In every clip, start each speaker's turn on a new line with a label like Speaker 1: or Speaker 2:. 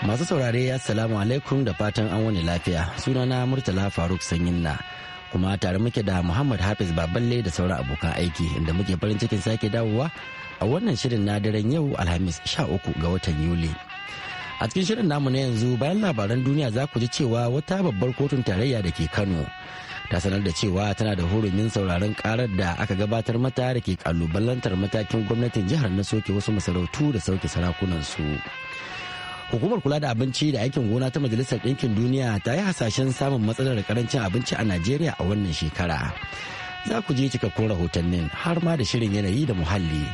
Speaker 1: Masu saurare assalamu alaikum da fatan an wani lafiya sunana Murtala Faruk Sanyin na kuma tare muke da Muhammad Hafiz Baballe da sauran abokan aiki inda muke farin cikin sake dawowa a wannan shirin na daren yau Alhamis 13 ga watan Yuli. A cikin shirin namu na yanzu bayan labaran duniya za ku ji cewa wata babbar kotun tarayya da ke Kano ta sanar da cewa tana da hurumin sauraron karar da aka gabatar mata da ke kalubalantar matakin gwamnatin jihar na soke wasu masarautu da sauke sarakunansu. su. Hukumar kula da abinci da aikin gona ta Majalisar Ɗinkin Duniya ta yi hasashen samun matsalar karancin abinci a Najeriya a wannan shekara. Za ku je cikakkun rahotannin har ma da shirin yanayi da muhalli.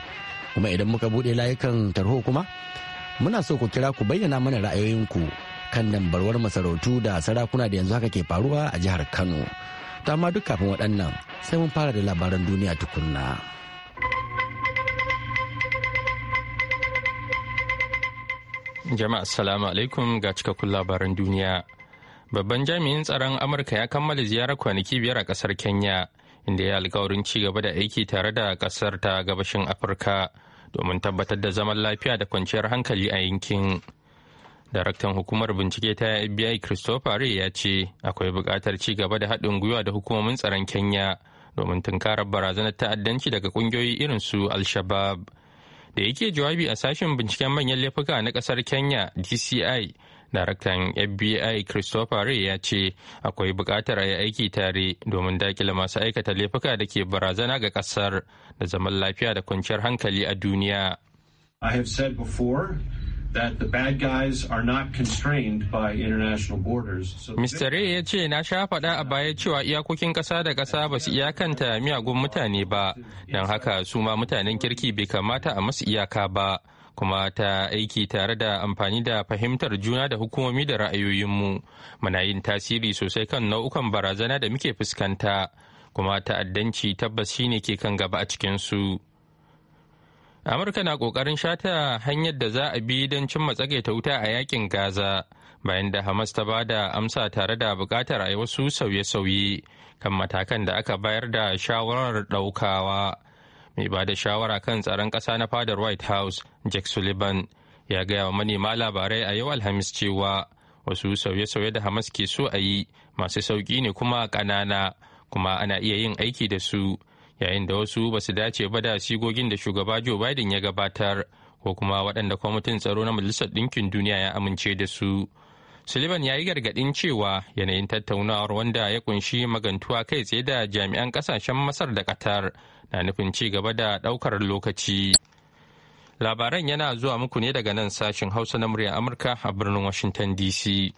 Speaker 1: Kuma idan muka buɗe layukan tarho kuma, muna so ku kira ku bayyana mana ra'ayoyinku kan dambarwar masarautu da sarakuna da yanzu haka ke faruwa a jihar Kano. Ta ma duk kafin waɗannan sai mun fara da labaran duniya tukunna.
Speaker 2: Jama'a assalamu alaikum ga cikakkun labaran duniya. Babban jami'in tsaron Amurka ya kammala ziyarar kwanaki biyar a kasar Kenya inda ya alkawarin ci gaba da aiki tare da kasar ta gabashin Afirka domin tabbatar da zaman lafiya da kwanciyar hankali a yankin. Daraktan hukumar bincike ta FBI Christopher Ray ya ce akwai buƙatar ci gaba da haɗin gwiwa da hukumomin tsaron Kenya domin tunkarar barazanar ta'addanci daga ƙungiyoyi irin su al da yake jawabi a sashen binciken manyan laifuka na kasar kenya dci daraktan fbi christopher ray ya ce akwai bukatar a yi aiki tare domin dakile masu aikata laifuka da ke barazana ga kasar da zaman lafiya da kwanciyar hankali a duniya I have said Mr. Ray ya ce na sha faɗa a baya cewa iyakokin ƙasa da ƙasa ba su iyakanta miyagun mutane ba, don haka su ma mutanen kirki bai kamata a masu iyaka ba, kuma ta aiki tare da amfani da fahimtar juna da hukumomi da ra'ayoyinmu. Muna yin tasiri sosai kan nau'ukan barazana da muke fuskanta, kuma ta'addanci tabbas shine ke kan gaba a cikinsu. su. amurka na kokarin shata hanyar da za a bi don cimma tsagaita wuta a yakin gaza bayan da hamas ta ba da amsa tare da bukatar a yi wasu sauye-sauye kan matakan da aka bayar da shawarar daukawa mai ba da shawara kan tsaron kasa na fadar white house jack sullivan ya gaya wa manema labarai a yau alhamis cewa wasu sauye-sauye da hamas ke so a yi masu sauƙi ne kuma ƙanana kuma ana iya yin aiki da su yayin da wasu ba su dace ba da sigogin da shugaba joe biden ya gabatar ko kuma waɗanda kwamitin tsaro na majalisar ɗinkin duniya ya amince da su sullivan ya yi gargaɗin cewa yanayin tattaunawar wanda ya kunshi magantuwa kai tsaye da jami'an ƙasashen masar da qatar na nufin ci gaba da ɗaukar lokaci labaran yana zuwa muku ne daga nan sashen hausa na muryar amurka a birnin washington dc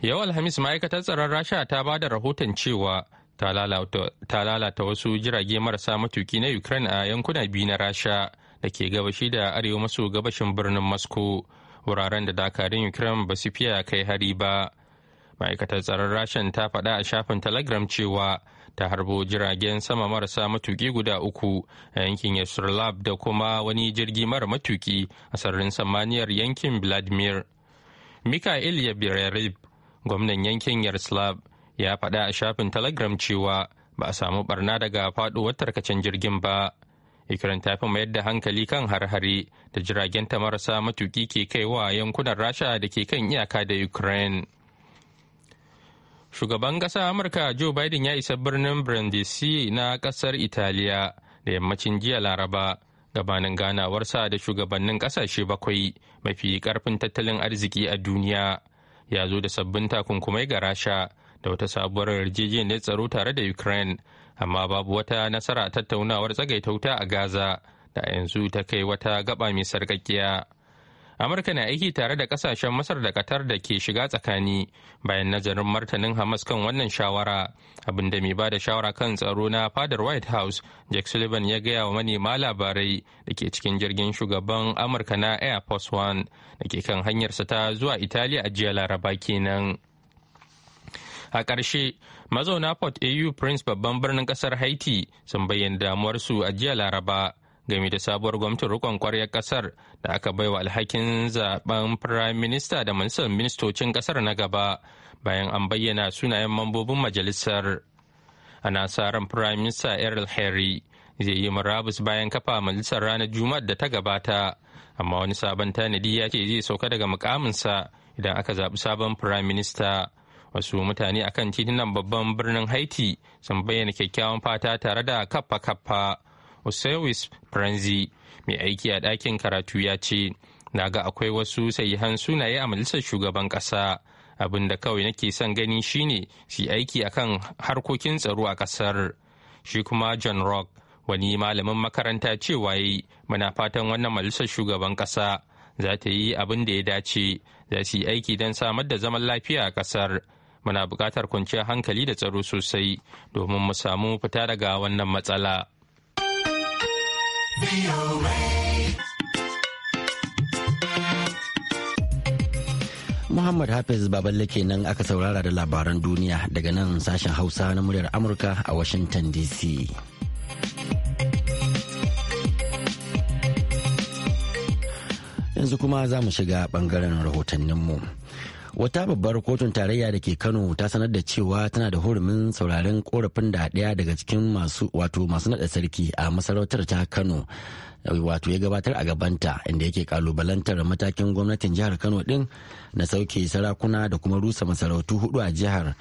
Speaker 2: yau alhamis ma'aikatar tsaron rasha ta ba da rahoton cewa ta lalata wasu jirage marasa matuki na ukraine a yankuna biyu na rasha da ke gabashi da arewa maso gabashin birnin moscow wuraren da dakarun ukraine ba su fiya kai hari ba ma'aikatar tsaron rashan ta faɗa a shafin telegram cewa ta harbo jiragen sama marasa matuki guda uku a yankin yasurlab da kuma wani jirgi mara matuki a sararin samaniyar yankin vladimir mikhail yabirarib gwamnan yankin yaroslav ya faɗa a shafin telegram cewa ba a samu barna daga faɗuwar tarkacen jirgin ba ukraine ta fi mayar da hankali kan har-hare da jiragen ta marasa matuki ke kaiwa yankunan rasha da ke kan iyaka da ukraine shugaban ƙasa amurka joe biden ya isa birnin brindisi na ƙasar italiya da yammacin jiya laraba gabanin ganawarsa da shugabannin ƙasashe bakwai mafi ƙarfin tattalin arziki a duniya ya zo da sabbin takunkumai ga rasha da wata sabuwar yarjejeniyar tsaro tare da ukraine amma babu wata nasara tattaunawar tsagaita wuta a gaza da a yanzu ta kai wata gaba mai sarkakkiya amurka na aiki tare da kasashen masar da qatar da ke shiga tsakani bayan nazarin martanin hamas kan wannan shawara abinda mai ba da shawara kan tsaro na fadar white house jack sullivan ya gaya wa manema labarai da ke cikin jirgin shugaban amurka na air force one da ke kan hanyarsa ta zuwa italiya a jiya laraba kenan. a ƙarshe mazauna port au prince babban birnin ƙasar haiti sun bayyana damuwarsu a jiya laraba game da sabuwar gwamnatin rikon kwaryar ƙasar da aka bai wa alhakin zaben prime minister da majalisar ministocin ƙasar na gaba bayan an bayyana sunayen mambobin majalisar ana sa ran prime minister errol harry zai yi murabus bayan kafa majalisar ranar juma'ar da ta gabata amma wani sabon tanadi ya ce zai sauka daga mukaminsa idan aka zaɓi sabon prime minister. wasu mutane a akan titunan babban birnin haiti sun bayyana kyakkyawan fata tare da kaffa-kaffa osewis franzi mai aiki a ɗakin karatu ya ce na ga akwai wasu sahihan sunaye a majalisar shugaban ƙasa abin da kawai nake son gani shine su aiki akan harkokin tsaro a ƙasar shi kuma john rock wani malamin makaranta cewa yi muna fatan wannan majalisar shugaban ƙasa za ta yi abin da ya dace za su yi aiki don samar da zaman lafiya a ƙasar muna buƙatar kwanciyar hankali da tsaro sosai domin mu samu fita daga wannan matsala.
Speaker 1: Muhammad Hafiz Baballe kenan aka saurara da labaran duniya daga nan sashen Hausa na muryar Amurka a Washington DC. Yanzu kuma za mu shiga ɓangaren rahotanninmu. mu. wata babbar kotun tarayya da ke kano ta sanar da cewa tana da hurumin sauraren korafin da ɗaya daga cikin masu wato masu naɗa sarki a masarautar ta kano wato ya gabatar a gabanta inda yake kalubalantar matakin gwamnatin jihar kano din na sauke sarakuna da kuma rusa masarautu hudu a jihar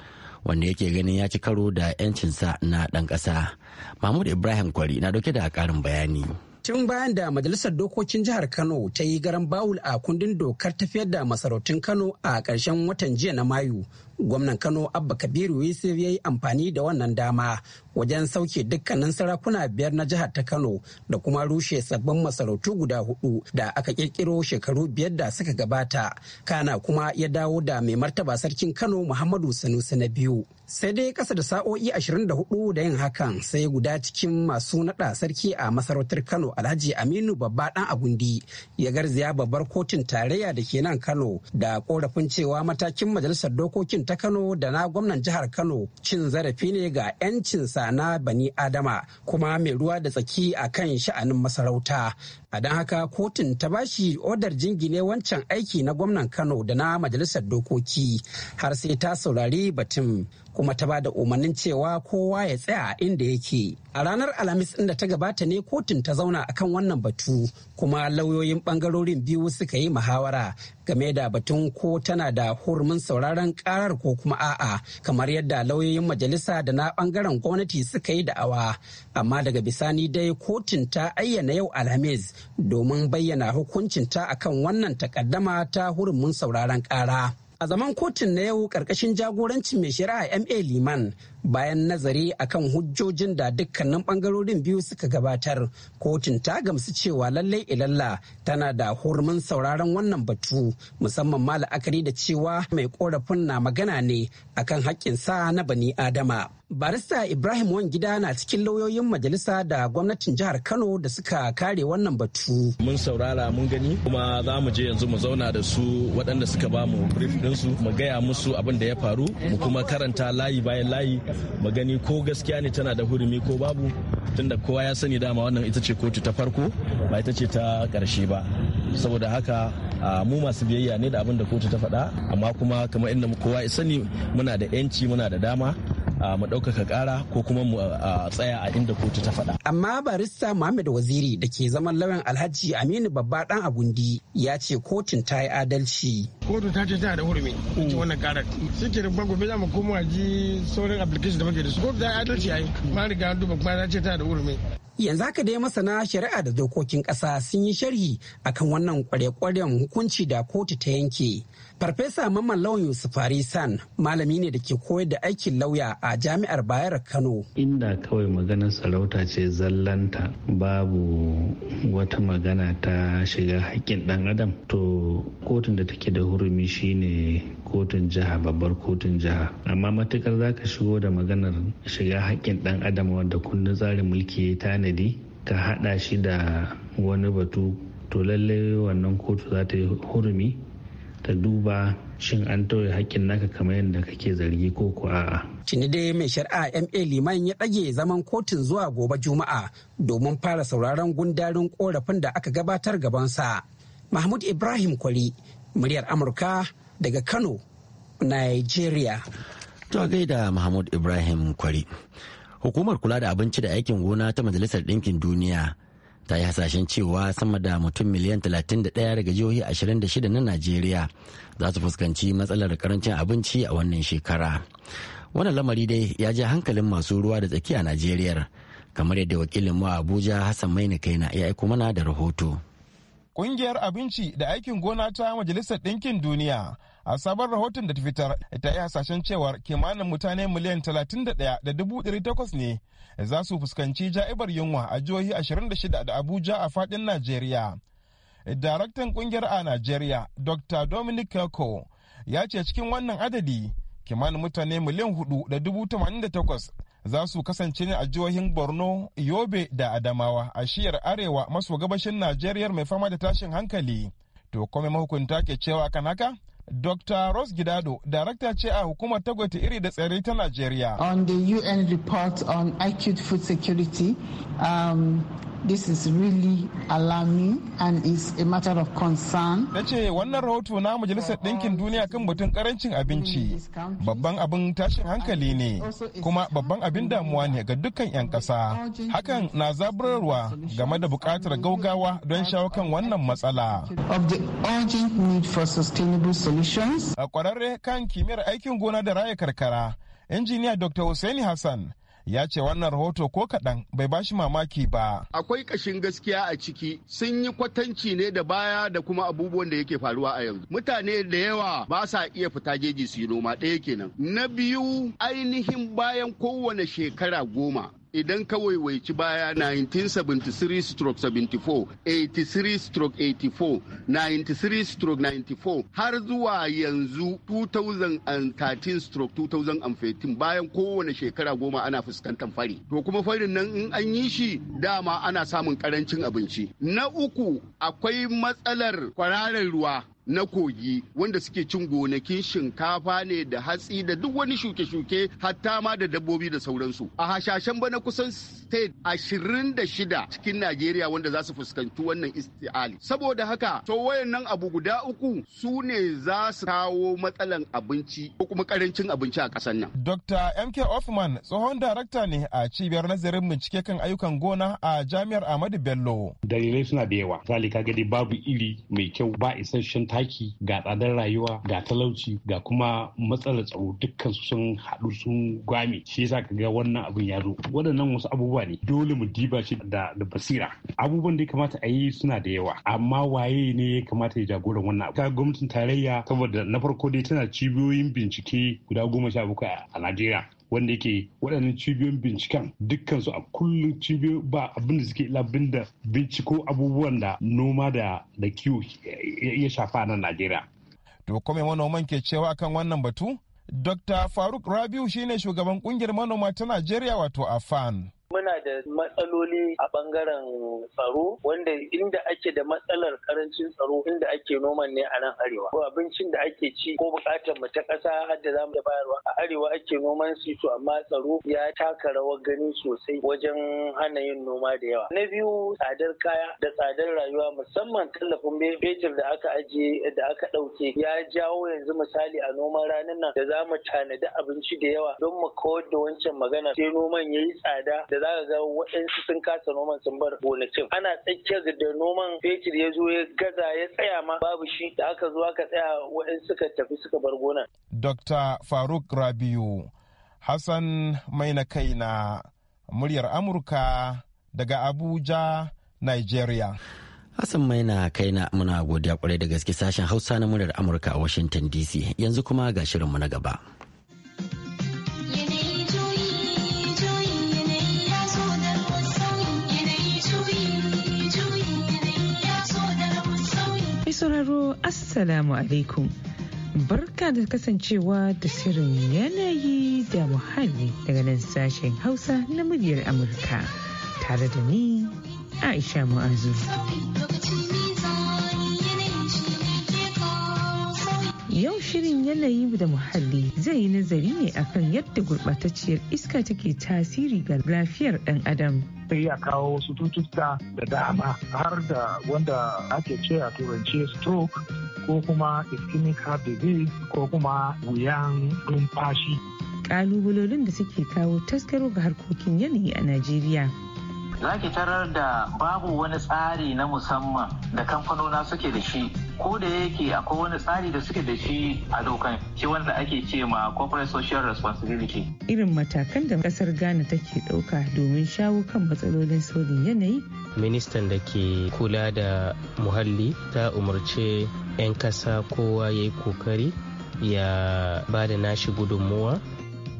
Speaker 1: wanda yake ganin ya ci karo da 'yancinsa na ɗan ƙasa mahmud ibrahim kwari na dauke da ƙarin bayani
Speaker 3: tun bayan da majalisar dokokin jihar kano ta yi garan bawul a kundin dokar tafiyar da masarautun kano a ƙarshen watan jiya na mayu gwamnan kano abba kabiru yusuf ya yi amfani da wannan dama wajen sauke dukkanin sarakuna biyar na jihar ta kano da kuma rushe sabbin masarautu guda hudu da aka kirkiro shekaru biyar da suka gabata kana kuma ya dawo da mai martaba sarkin kano muhammadu sanusi na biyu sai dai kasa da sa'o'i 24 da yin hakan sai guda cikin masu naɗa sarki a masarautar kano alhaji aminu babba dan agundi ya garzaya babbar kotun tarayya da ke nan kano da korafin cewa matakin majalisar dokokin ta kano da na gwamnan jihar kano cin zarafi ne ga 'yancinsa na bani adama kuma mai ruwa da tsaki a kan sha'anin masarauta a don haka kotun ta bashi odar jingine wancan aiki na gwamnan kano da na majalisar dokoki har sai ta saurari batun kuma ta ba da umarnin cewa kowa ya tsaya inda yake a ranar alhamis inda ta gabata ne kotun ta zauna akan wannan batu kuma lauyoyin bangarorin biyu suka yi muhawara game da batun ko tana da hurumin sauraron karar ko kuma a'a kamar yadda lauyoyin majalisa da na bangaren gwamnati suka yi da'awa amma daga bisani dai kotun ta ayyana yau alhamis domin bayyana hukuncin ta akan wannan takaddama ta hurumin sauraron kara a zaman kotun na yau karkashin jagorancin mai shari'a ma liman bayan nazari akan hujjojin da dukkanin bangarorin biyu suka gabatar kotun ta gamsu cewa lallai ilalla tana da hurumin sauraron wannan batu musamman ma la'akari da cewa mai korafin na magana ne akan haƙƙinsa na bani adama barista ibrahim wangida na cikin lauyoyin majalisa da gwamnatin jihar kano da suka kare wannan batu mun saurara mun gani
Speaker 4: kuma za mu je yanzu mu zauna da su waɗanda suka ba mu brief ɗinsu mu gaya musu abin da ya faru mu kuma karanta layi bayan layi mu gani ko gaskiya ne tana da hurumi ko babu tunda kowa ya sani dama wannan ita ce kotu ta farko ba ita ce ta karshe ba saboda haka mu masu biyayya ne da abin da kotu ta faɗa amma kuma kamar inda kowa ya sani muna da 'yanci muna da dama mu ɗaukaka ƙara ko kuma mu tsaya a inda kotu ta faɗa.
Speaker 3: Amma barista Muhammad Waziri da ke zaman lauyan Alhaji Aminu Babba ɗan Agundi ya ce kotun ta yi adalci.
Speaker 4: Kotu ta ce tana da hurumi ci wannan ƙarar. Suke da gobe za mu koma ji sauran application da muke da su. Kotu ta yi adalci yi. Ma riga an duba kuma ta ce tana da hurumi. yanzu haka dai masana
Speaker 3: shari'a da dokokin ƙasa sun yi sharhi akan wannan kware-kwaren hukunci da kotu ta yanke Farfesa Mamman Lawan Yusuf Farisan malami ne da ke koyar da aikin lauya a Jami'ar Bayar Kano. Inda
Speaker 5: kawai maganar sarauta ce zallanta babu wata magana ta shiga haƙƙin ɗan adam to kotun da take da hurumi shine kotun jiha babbar kotun jiha amma matukar za ka shigo da maganar shiga haƙƙin ɗan adam wanda kundin tsarin mulki ya tanadi ka haɗa shi da wani batu to lallai wannan kotu za ta yi hurumi ta duba shin an toye hakkin naka kamar yadda kake zargi ko ko a'a.
Speaker 3: Tuni dai mai shari'a MA Liman ya ɗage zaman kotun zuwa gobe Juma'a domin fara sauraron gundarin korafin da aka gabatar gabansa. Mahmud Ibrahim Kwari, muryar Amurka daga Kano,
Speaker 1: Nigeria. To gaida Mahmud Ibrahim Kwari. Hukumar kula da abinci da aikin gona ta Majalisar Ɗinkin Duniya ta yi hasashen cewa sama da mutum miliyan 31 daga jihohi 26 na najeriya za su fuskanci matsalar karancin abinci a wannan shekara wannan lamari dai ya ja hankalin masu ruwa da tsaki a najeriya kamar yadda wakilin mu abuja hassan maina kaina ya aiko mana da rahoto
Speaker 4: Ƙungiyar abinci da aikin gona ta Majalisar Ɗinkin Duniya a sabon rahoton da ta fitar ta yi hasashen cewar kimanin mutane miliyan 31,800 ne za su fuskanci ja'ibar yunwa a jihohi 26 da Abuja a fadin Najeriya. Daraktan ƙungiyar a Najeriya, Dr. Dominic kelko ya ce cikin wannan adadi kimanin mutane miliyan 4,088 za su kasance ne a jihohin borno yobe da adamawa a shiyar arewa maso gabashin najeriya mai fama da tashin hankali to kome mahukunta ke cewa kan haka Dr. Ross Gidado, darakta ce a hukumar tagwata iri da tsere ta Najeriya.
Speaker 3: On the UN report on acute food security, um, This is really alarming and is a matter of concern.
Speaker 4: Ta ce wannan rahoto na Majalisar Ɗinkin Duniya kan batun karancin abinci babban abin tashin hankali ne kuma babban abin damuwa ne ga dukkan 'yan ƙasa. Hakan na zaburarwa game da buƙatar gaugawa don shawo kan wannan matsala. Of the urgent need for sustainable solutions. A kwararre kan kimiyyar aikin gona da raya karkara, injiniya Dr. Hussaini Hassan ya ce wannan rahoto ko kaɗan bai ba shi mamaki ba.
Speaker 6: Akwai ƙashin gaskiya a ciki sun yi kwatanci ne da baya da kuma abubuwan da yake faruwa a yanzu. Mutane da yawa ba sa iya fita jeji su yi noma ɗaya kenan. Na biyu ainihin bayan kowane shekara goma idan ka waiwaici baya 1973 stroke 74 83 stroke 84 93 stroke 94 har zuwa yanzu 2013 stroke 2015 bayan kowane shekara goma ana fuskantar fari to kuma farin nan in an yi shi dama ana samun karancin abinci na uku akwai matsalar kwararar ruwa na kogi wanda suke cin gonakin shinkafa ne da hatsi da duk wani shuke-shuke hatta ma da dabbobi da sauransu a hashashen bana kusan state ashirin da shida cikin najeriya wanda za su fuskanci wannan isti'ali saboda haka to wayannan abu guda uku su ne za su kawo matsalan abinci ko kuma karancin abinci a kasar nan
Speaker 4: dr mk offman tsohon darakta ne a cibiyar nazarin bincike kan ayyukan gona a jami'ar ahmadu bello
Speaker 6: dalilai suna da yawa misali kaga dai babu iri mai kyau ba isasshen ɗaki ga tsadar rayuwa ga talauci ga kuma matsalar tsaro dukkan sun haɗu sun gwame shi yasa ka ga wannan abin ya zo waɗannan wasu abubuwa ne dole mu diba shi da basira abubuwan da ya kamata a yi suna da yawa amma waye ne ya kamata ya jagoran wannan abu ka gwamnatin tarayya saboda na farko dai tana cibiyoyin bincike guda goma sha bakwai a Najeriya wanda yake waɗannan cibiyoyin binciken dukkansu a kullum cibiyoyi ba abin da suke labin da
Speaker 4: binciko abubuwan da noma da da kiwo ya shafa na Najeriya. To kome manoman ke cewa akan wannan batu? Dr. Faruk Rabiu shine shugaban kungiyar manoma ta Najeriya wato AFAN.
Speaker 7: Muna da matsaloli a bangaren tsaro wanda inda ake da matsalar karancin tsaro inda ake noman ne a nan arewa. Ko abincin da ake ci ko bukatar mu ta kasa da za mu bayarwa a arewa ake noman su to amma tsaro ya taka rawar gani sosai wajen hana yin noma da yawa. Na biyu tsadar kaya da tsadar rayuwa musamman tallafin fetur da aka ajiye da aka ɗauke ya jawo yanzu misali a noman ranar nan da za mu tanadi abinci da yawa don mu kawar da wancan magana sai noman ya yi tsada da za ka ga waɗansu sun kasa noman sun bar gonakin ana tsakiyar da noman fetur ya zo ya gaza ya tsaya ma babu shi da aka zo aka tsaya waɗansu suka tafi suka bar gona.
Speaker 4: Dr. Faruk Rabiu Hassan Maina Kaina muryar Amurka daga Abuja, Nigeria.
Speaker 1: Hassan Maina Kaina muna godiya kwarai da gaske sashen Hausa na muryar Amurka a Washington DC yanzu kuma ga shirinmu na gaba.
Speaker 8: sauraro Assalamu alaikum. Barka da kasancewa da shirin yanayi da muhalli daga nan sashen Hausa na muryar Amurka tare da ni Aisha Mu'azu. Yau shirin yanayi da muhalli zai yi nazari ne akan yadda gurɓatacciyar iska take tasiri ga lafiyar ɗan adam.
Speaker 9: sai ya kawo wasu
Speaker 8: cututtuka
Speaker 9: da dama har da wanda ake ce a turance stroke ko kuma ischemic
Speaker 8: heart disease ko kuma wuyan numfashi. Ƙalubalolin da suke kawo taskaro ga harkokin yanayi a Najeriya
Speaker 10: za ki tarar da babu wani tsari na musamman da kamfanona suke da shi ko da yake akwai wani tsari da suke da shi a dokan shi wanda ake ce ma corporate social responsibility
Speaker 8: irin matakan da kasar ghana take dauka domin shawo kan matsalolin sauyin yanayi
Speaker 5: ministan da ke kula da muhalli ta umarce 'yan kasa kowa ya yi kokari ya ba da nashi gudunmuwa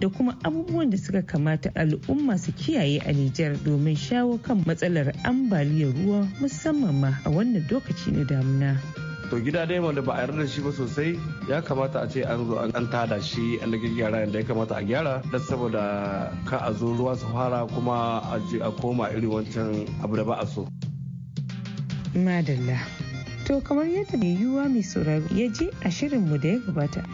Speaker 8: da kuma abubuwan da suka kamata al'umma su kiyaye a Nijar domin shawo kan matsalar ambaliyar ruwa musamman ma a wannan lokaci na damuna.
Speaker 11: to gida dai wanda ba a yarda da shi ba sosai ya kamata a ce an zo an tada shi an da gyara yadda ya kamata a gyara da saboda ka a zo ruwa su fara kuma a koma irin wancan abu da ba a so.
Speaker 8: madalla to kamar yadda mai yiwuwa mai sauraro ya je a shirinmu da ya gabata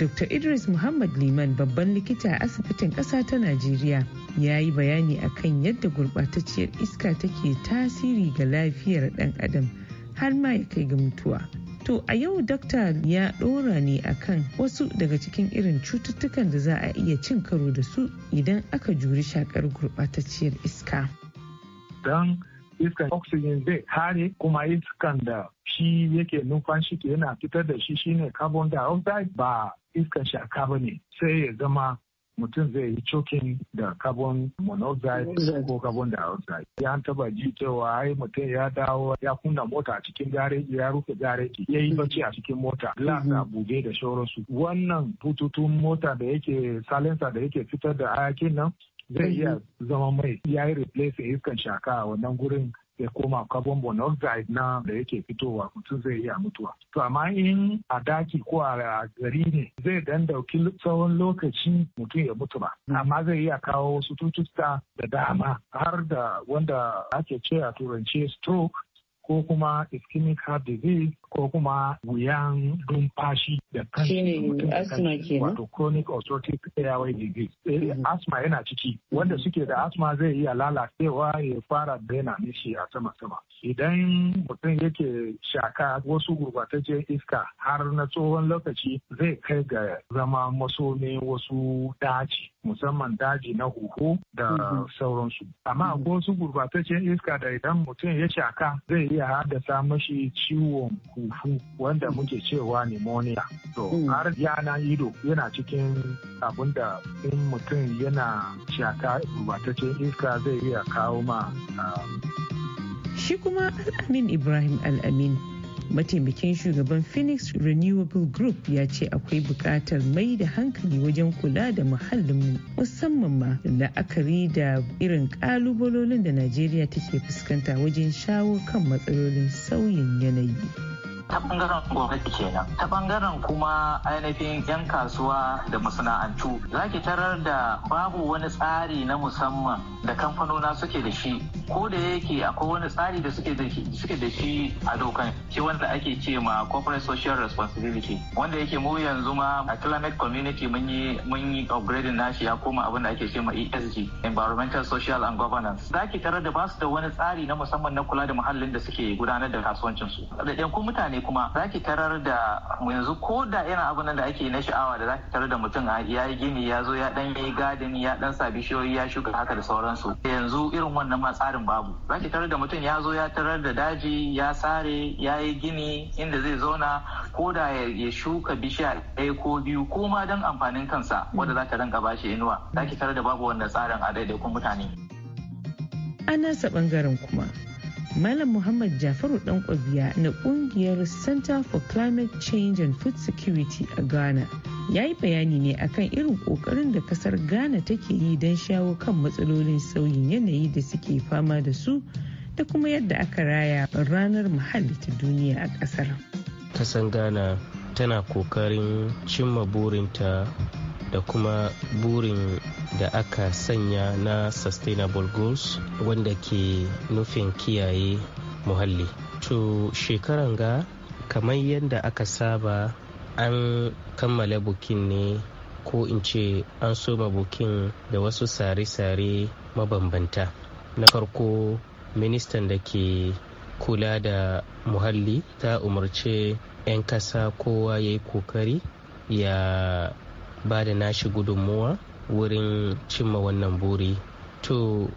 Speaker 8: Dr. Idris Muhammad Liman babban likita a asibitin ƙasa ta Najeriya ya yi bayani akan yadda gurɓatacciyar iska take tasiri ga lafiyar ɗan adam har ma ya kai ga mutuwa. To a yau dokta ya ɗora ne akan wasu daga cikin irin cututtukan da za a iya cin karo da su idan aka juri shakar gurɓatacciyar iska.
Speaker 9: Don iskan oxygen zai hare kuma iskan da shi yake numfashi ke yana fitar da shi shine carbon dioxide ba iskar shaka ba ne sai ya zama mutum zai yi cokin da carbon monoxide ko carbon dioxide ya taba ji cewa ai mutum ya dawo ya kunna mota a cikin gareji ya rufe gareji ya yi bacci a cikin mota glass a mhm. buge da shauransu wannan bututun mota da yake salensa da yake fitar da ayakin nan zai mhm. iya zama mai ya yi replace iskan shaka a wannan gurin ya koma carbon monoxide na da yake fitowa mutum zai iya mutuwa to amma in a daki ko a gari ne zai dan dauki tsawon lokaci mutum ya mutu ba hmm. amma zai iya kawo wasu cututtuka da dama har da wanda ake ce a turance stroke ko kuma ischemic heart disease ko kuma wuyan numfashi da kanshi asthma kenan wato chronic obstructive airway disease eh, mm-hmm. asthma yana ciki wanda suke da asthma zai iya lalacewa ya fara daina nishi a sama sama idan mutum yake shaka wasu gurbataccen iska har na tsohon lokaci zai kai ga zama masomi wasu daji musamman daji na huhu da mm-hmm. sauransu amma mm-hmm. wasu gurbatacce iska da idan mutum ya shaka zai iya iya haddasa mashi ciwon kufu wanda mm. muke cewa pneumonia. To mm. har yana ido yana cikin abin da in mutum yana shaka gubataccen iska zai iya kawo ma. Um,
Speaker 8: Shi kuma Al'amin Ibrahim al Al'amin mataimakin shugaban phoenix renewable group ya ce akwai bukatar mai da hankali wajen kula da muhallinmu musamman ma la'akari da irin kalubalolin da najeriya take fuskanta wajen shawo kan matsalolin sauyin yanayi
Speaker 10: ta bangaren gwamnati kenan ta bangaren kuma ainihin yan kasuwa da masana'antu za ki tarar da babu wani tsari na musamman da kamfanona suke da shi ko da yake akwai wani tsari da suke da shi a dokan shi wanda ake ce ma corporate social responsibility wanda yake mu yanzu ma a climate community mun yi mun yi upgrading nashi ya koma abin da ake ce ma ESG environmental social and governance za ki tarar da basu da wani tsari na musamman na kula da muhallin da suke gudanar da kasuwancinsu su da mutane kuma za ki tarar da yanzu ko da irin abin da ake na sha'awa da za ki tarar da mutum ya yi gini ya zo ya dan yi gadin ya dan sa bishiyoyi ya shuka haka da sauransu yanzu irin wannan ma tsarin babu za ki tarar da mutum ya zo ya tarar da daji ya sare ya yi gini inda zai zauna ko da ya shuka bishiya ɗaya ko biyu ko ma don amfanin kansa wanda za ta ranka bashi inuwa za ki tarar da babu wannan tsarin a daidaikun mutane.
Speaker 8: An nasa bangaren kuma Malam Muhammad Jafaru kwabiya na kungiyar Center for Climate Change and Food Security a Ghana ya yi bayani ne akan irin kokarin da kasar Ghana take yi don shawo kan matsalolin sauyin yanayi da suke fama da su da kuma yadda aka raya ranar muhalli ta duniya a kasar.
Speaker 5: Kasan Ghana tana kokarin cimma burinta da kuma burin da aka sanya na sustainable goals wanda ke nufin kiyaye muhalli to shekaran ga kamar yadda aka saba an kammala bukin ne ko in ce an soma bukin da wasu sare-sare mabambanta na farko ministan da ke kula da muhalli ta umarce 'yan kasa kowa ya yi kokari ya ba da nashi gudunmuwa wurin cimma wannan buri to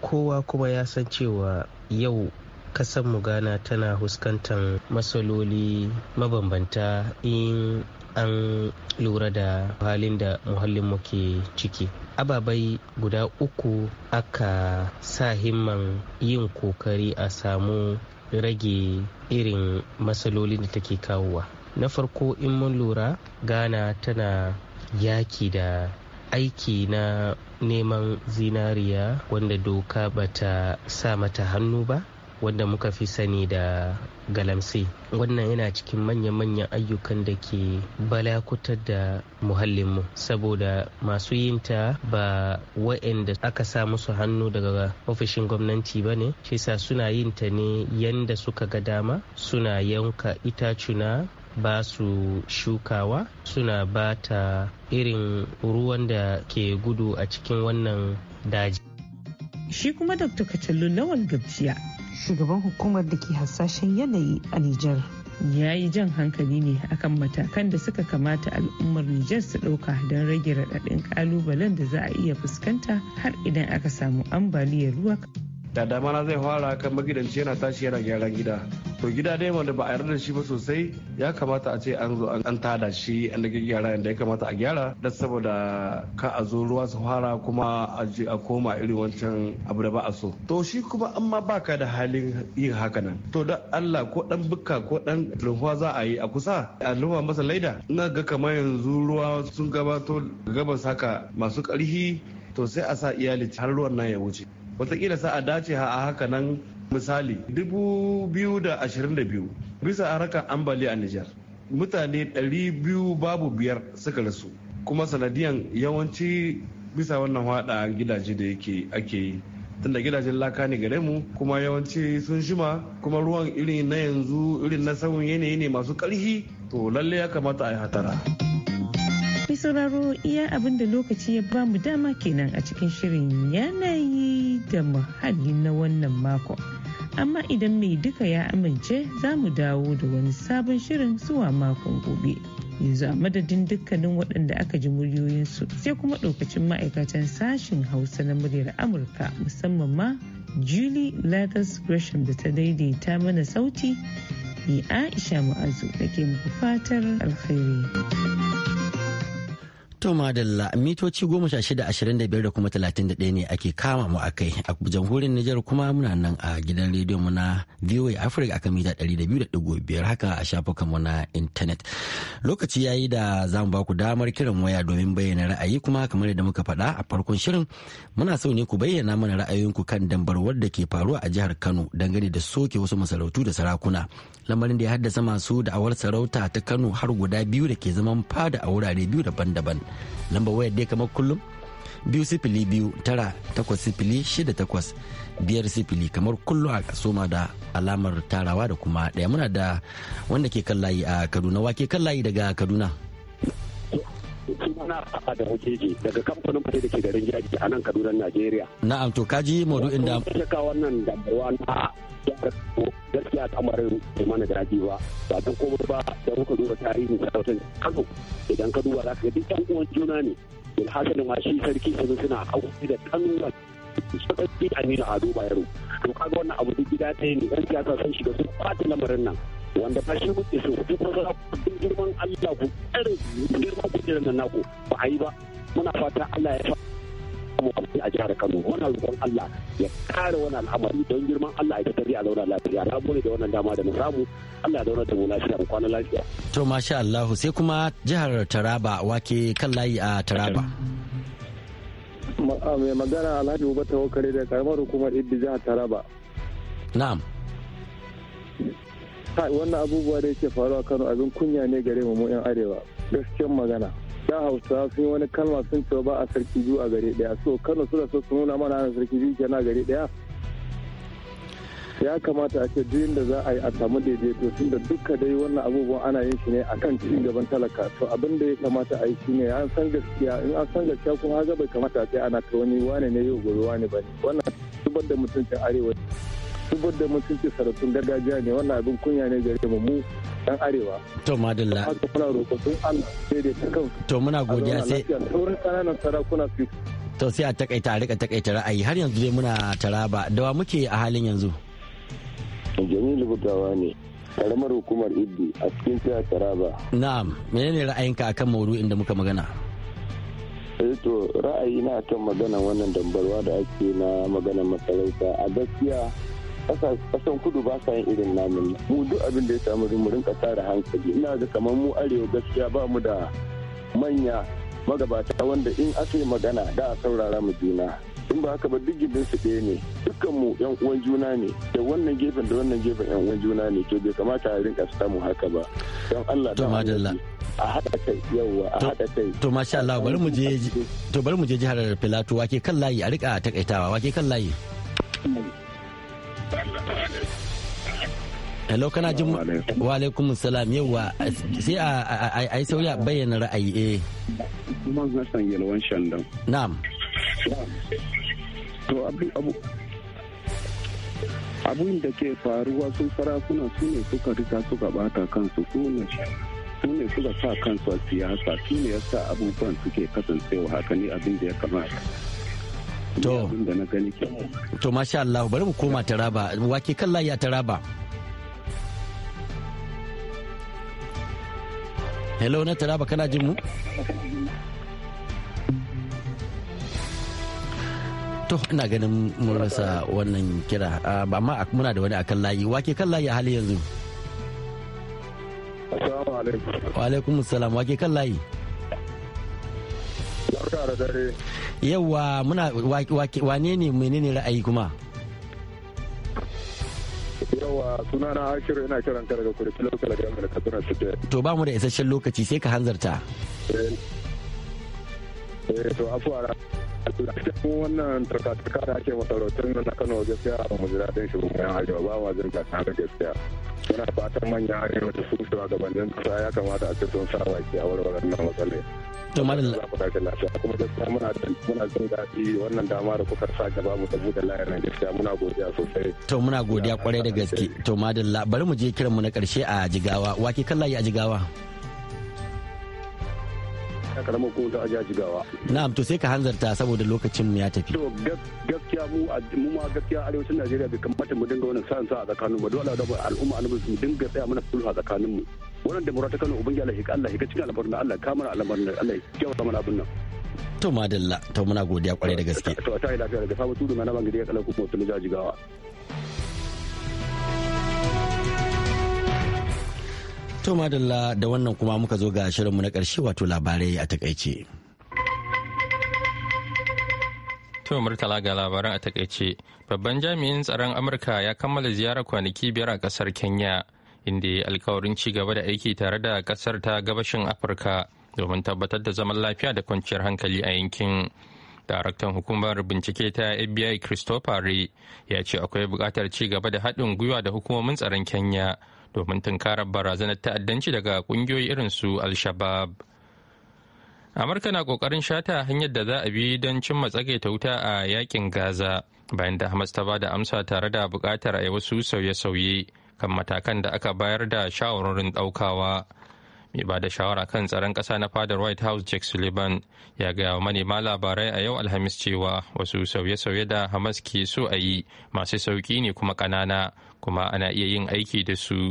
Speaker 5: kowa kuma ya san cewa yau kasan mu ghana tana huskantar matsaloli mabambanta in an lura da halin da muhallin mu ke ciki ababai guda uku aka sa himman yin kokari a samu rage irin matsalolin da take kawowa na farko in mun lura ghana tana yaki da aiki na neman zinariya wanda doka bata sa mata hannu ba wanda muka fi sani da galamse wannan yana cikin manya-manyan ayyukan da ke balakutar da muhallinmu saboda masu yinta ba wa'anda aka sa musu hannu daga ofishin gwamnati ba ne shi suna yinta ne yanda suka ga dama suna yanka itacuna ba su shukawa suna ba ta irin ruwan da ke gudu a cikin wannan daji.
Speaker 8: Shi kuma Dr. Katallu Lawal Gabciya. Shugaban hukumar da ke hasashen yanayi a Nijar. Ya yi jan hankali ne akan matakan da suka kamata al'ummar Nijar su ɗauka don rage raɗaɗin ƙalubalen da za a iya fuskanta har idan aka samu ambaliyar ruwa
Speaker 11: da dama na zai fara kan magidanci yana tashi yana gyaran gida to gida dai wanda ba a yarda da shi ba sosai ya kamata a ce an zo an tada shi an da gyara yadda ya kamata a gyara da saboda ka a zo ruwa su fara kuma a je a koma irin wancan abu da ba a so to shi kuma an ma baka da halin yin haka nan to da Allah ko dan bukka ko dan lunhuwa za a yi a kusa a masa laida ina ga kamar yanzu ruwa sun gabato gabas haka masu karhi to sai a sa iyali har ruwan nan ya wuce watakila sa a dace a haka nan misali 2022 bisa harkar ambali a Nijar mutane 200 babu biyar suka rasu kuma sanadiyan yawanci bisa wannan hada gidaje da yake ake yi tunda gidajen laka ne gare mu kuma yawanci sun shima kuma ruwan irin na yanzu irin na sauyin yanayi ne masu karhi to lalle ya kamata a yi hatara.
Speaker 8: Mai sauraro iya abin da lokaci ya ba mu dama kenan a cikin shirin yanayi da muhalli na wannan mako. Amma idan mai duka ya amince za mu dawo da wani sabon shirin zuwa makon gobe. Yanzu a madadin dukkanin waɗanda aka ji muryoyinsu sai kuma ɗaukacin ma'aikatan sashen Hausa na muryar Amurka musamman ma Julie Lagos Gresham da ta daidaita mana sauti ni Aisha Mu'azu da ke muku fatar alkhairi.
Speaker 1: To madalla mitoci goma sha shida ashirin da biyar da kuma talatin da ɗaya ne ake kama mu a kai a jamhuriyar Nijar kuma muna nan a gidan rediyo mu na VOA Africa akan mita ɗari da biyu da ɗigo biyar haka a shafukan mu na intanet. Lokaci ya yi da za mu ba ku damar kiran waya domin bayyana ra'ayi kuma kamar yadda muka faɗa a farkon shirin muna so ne ku bayyana mana ra'ayoyinku kan dambarwar da ke faruwa a jihar Kano dangane da soke wasu masarautu da sarakuna. Lamarin da ya haddasa masu da'awar sarauta ta Kano har guda biyu da ke zaman fada a wurare biyu daban-daban. lamba wayar dai kamar kullum biyu sifili biyu tara takwas sifili shida takwas biyar sifili kamar kullum a kasoma da alamar tarawa da kuma daya muna da wanda ke kan layi a kaduna wake kan layi daga kaduna
Speaker 6: sunana Rafa da Hojeji daga kamfanin fate da ke garin Jaji a nan Kaduna Najeriya.
Speaker 1: Na'am to kaji maudu'in da shaka
Speaker 6: wannan damuwa na gaskiya al'amarin bai mana daɗi ba ba don komai ba da muka duba tarihin sarautar Kano idan ka duba za ka ga duk ɗan uwan juna ne. Bilhassan ma shi sarki sanu suna aure da ɗan sarki Aminu Ado Bayero. To kaga wannan abu duk gida ɗaya ne yan siyasa sun shiga sun ɓata lamarin nan. wanda ba shi muke so duk wasa duk girman Allah ku tsare girman kujerar nan naku ba a yi ba muna fata Allah ya fa a jihar Kano wannan roƙon Allah ya kare wani al'amari don girman Allah ya tafi a zauna lafiya na gode da wannan dama da mu samu Allah ya zauna da mu lafiya mu kwana lafiya
Speaker 1: to masha Allah sai kuma jihar Taraba wake kan layi a Taraba
Speaker 11: mai magana Alhaji Uba Tawakare da karamar hukumar ibiza jihar Taraba na'am wannan abubuwa da yake faruwa kano abin kunya ne gare mu mu yan arewa gaskiyan magana da hausawa sun yi wani kalma sun ce ba a sarki biyu a gare daya so kano suna so su nuna mana sarki biyu kenan gare daya ya kamata a ce duyin da za a yi a samu daidaito tun da duka dai wannan abubuwan ana yin shi ne a kan ci gaban talaka to abin da ya kamata a yi shi ne an san gaskiya in an san gaskiya kuma haka bai kamata a ce ana ta wani wane ne yau gobe wane ba ne wannan zubar da mutuncin arewa zubar da mutunci sarautun gargajiya ne wannan abin kunya ne gare mu mu dan arewa
Speaker 1: to madalla
Speaker 11: haka roƙo sun ta kan
Speaker 1: to muna godiya sai
Speaker 11: sauran kananan sarakuna su
Speaker 1: to sai a takaita a rika takaita ra'ayi har yanzu dai muna taraba wa muke a halin yanzu
Speaker 7: Jamilu Butawa ne karamar hukumar iddi a cikin jihar Taraba.
Speaker 1: Na'am, menene ra'ayinka akan maudu'in da muka magana?
Speaker 7: Eh, to ra'ayi na kan magana wannan dambarwa da ake na magana masarauta a gaskiya kasan kudu ba sa yin irin namun mu duk abin da ya samu rumurin kasa da hankali ina ga kamar mu arewa gaskiya ba mu da manya magabata wanda in aka yi magana da a saurara mu
Speaker 11: juna in ba haka ba duk gidan su ɗaya ne dukkan mu yan uwan juna ne da wannan gefen da
Speaker 7: wannan gefen yan uwan juna ne to bai kamata a rinka samu haka ba don Allah to madalla a haɗa kai yawwa a haɗa kai
Speaker 1: to masha Allah bari mu je to bari mu je jihar Filato wake kan layi a rika takaitawa wake kan layi hmm. hello kana jin wa alaikum salam yawa sai a yi sauya bayyana ra'ayi eh man hassan yalwan shandan na'am
Speaker 11: to abu abu abun da ke faruwa sun sarakuna su ne suka rika suka bata kansu su ne su ne suka sa kansu a siyasa su ne yasa abubuwan suke kasancewa haka ne abin da ya kamata
Speaker 1: to to masha Allah bari mu koma taraba wake kan layi a taraba hello na taraba kana jin mu to ina ganin mun rasa wannan kira ah, amma muna da wani akan layi wake kan layi a hali yanzu wa alaikum salam wake kan layi yawwa muna wane ne menene ra'ayi kuma
Speaker 9: yawa sunana ashiru ina kiran ka daga kurki lokal da yamma da katsina state
Speaker 1: to ba mu da isasshen lokaci sai ka hanzarta
Speaker 9: eh, eh to afuwa
Speaker 11: wannan tarkatuka da ake masarautun na kano gaskiya ba mu ji daɗin shi kuma ba ma jin ta haka gaskiya muna fatan manyan arewa da su shugabannin kasa ya kamata a ce sun sa baki a warwarar na matsalai to malam kuma gaskiya muna muna dama da kuka sa
Speaker 1: mu godiya kwarai da gaske to madalla bari mu je kiran mu na karshe a jigawa wake kallaye a jigawa a jigawa. Na'am to sai ka hanzarta saboda lokacin mu ya tafi.
Speaker 11: To gaskiya mu mu ma arewacin Najeriya bai kamata mu dinga wannan sa'an sa a tsakanin mu dole da al'umma annabi dinga tsaya mana sulhu a tsakanin mu. wannan da ta kano ubangi Allah ya Allah ya cikin al'amarin Allah ka mana al'amarin Allah ya kyauta mana abin nan
Speaker 1: to madalla to muna godiya kwarai da gaske
Speaker 11: to ta yi lafiya da sabu tudu na ban gidi ya kala kuma tun jajigawa
Speaker 1: to madalla da wannan kuma muka zo ga shirinmu na karshe wato labarai a takaice
Speaker 2: To Murtala ga labaran a takaice, babban jami'in tsaron Amurka ya kammala ziyarar kwanaki biyar a kasar Kenya inda ya alkawarin ci gaba da aiki tare da kasar ta gabashin afirka domin tabbatar da zaman lafiya da kwanciyar hankali a yankin daraktan hukumar bincike ta fbi christopher ray ya ce akwai buƙatar ci gaba da haɗin gwiwa da hukumomin tsaron kenya domin tunkarar barazanar ta'addanci daga ƙungiyoyi irin su al-shabab amurka na ƙoƙarin shata hanyar da za a bi don cimma ta wuta a yakin gaza bayan da hamas ta ba da amsa tare da buƙatar a yi wasu sauye-sauye kan matakan da aka bayar da shawarorin ɗaukawa. mai ba da shawara kan tsaron kasa na fadar white house jake sullivan ya gaya wa manema labarai a yau alhamis cewa wasu sauye-sauye da hamas ke so a yi masu sauki ne kuma ƙanana kuma ana iya yin aiki da su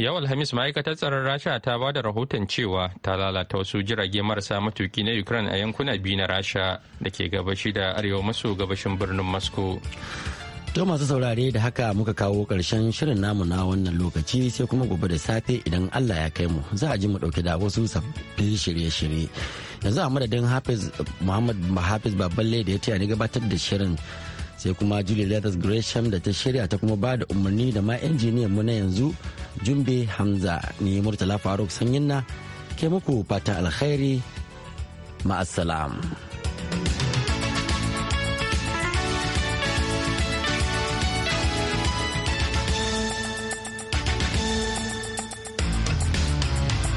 Speaker 2: yau alhamis ma'aikatar tsaron rasha ta ba da rahoton cewa ta lalata wasu jirage marasa matuki na ukraine a yankuna biyu na rasha da ke gabashi da arewa maso gabashin birnin moscow
Speaker 1: To masu saurare da haka muka kawo karshen shirin namu na wannan lokaci sai kuma gobe da safe idan Allah ya kai mu za a ji mu ɗauki da wasu sabbin shirye-shirye. Yanzu a madadin Hafiz Muhammad Hafiz Baballe da ya taya ni gabatar da shirin sai kuma Julie Letters Gresham da ta shirya ta kuma ba da umarni da ma injiniyan mu na yanzu Jumbe Hamza ni Murtala Faruk Sanyin na ke muku fatan alkhairi ma'assalam.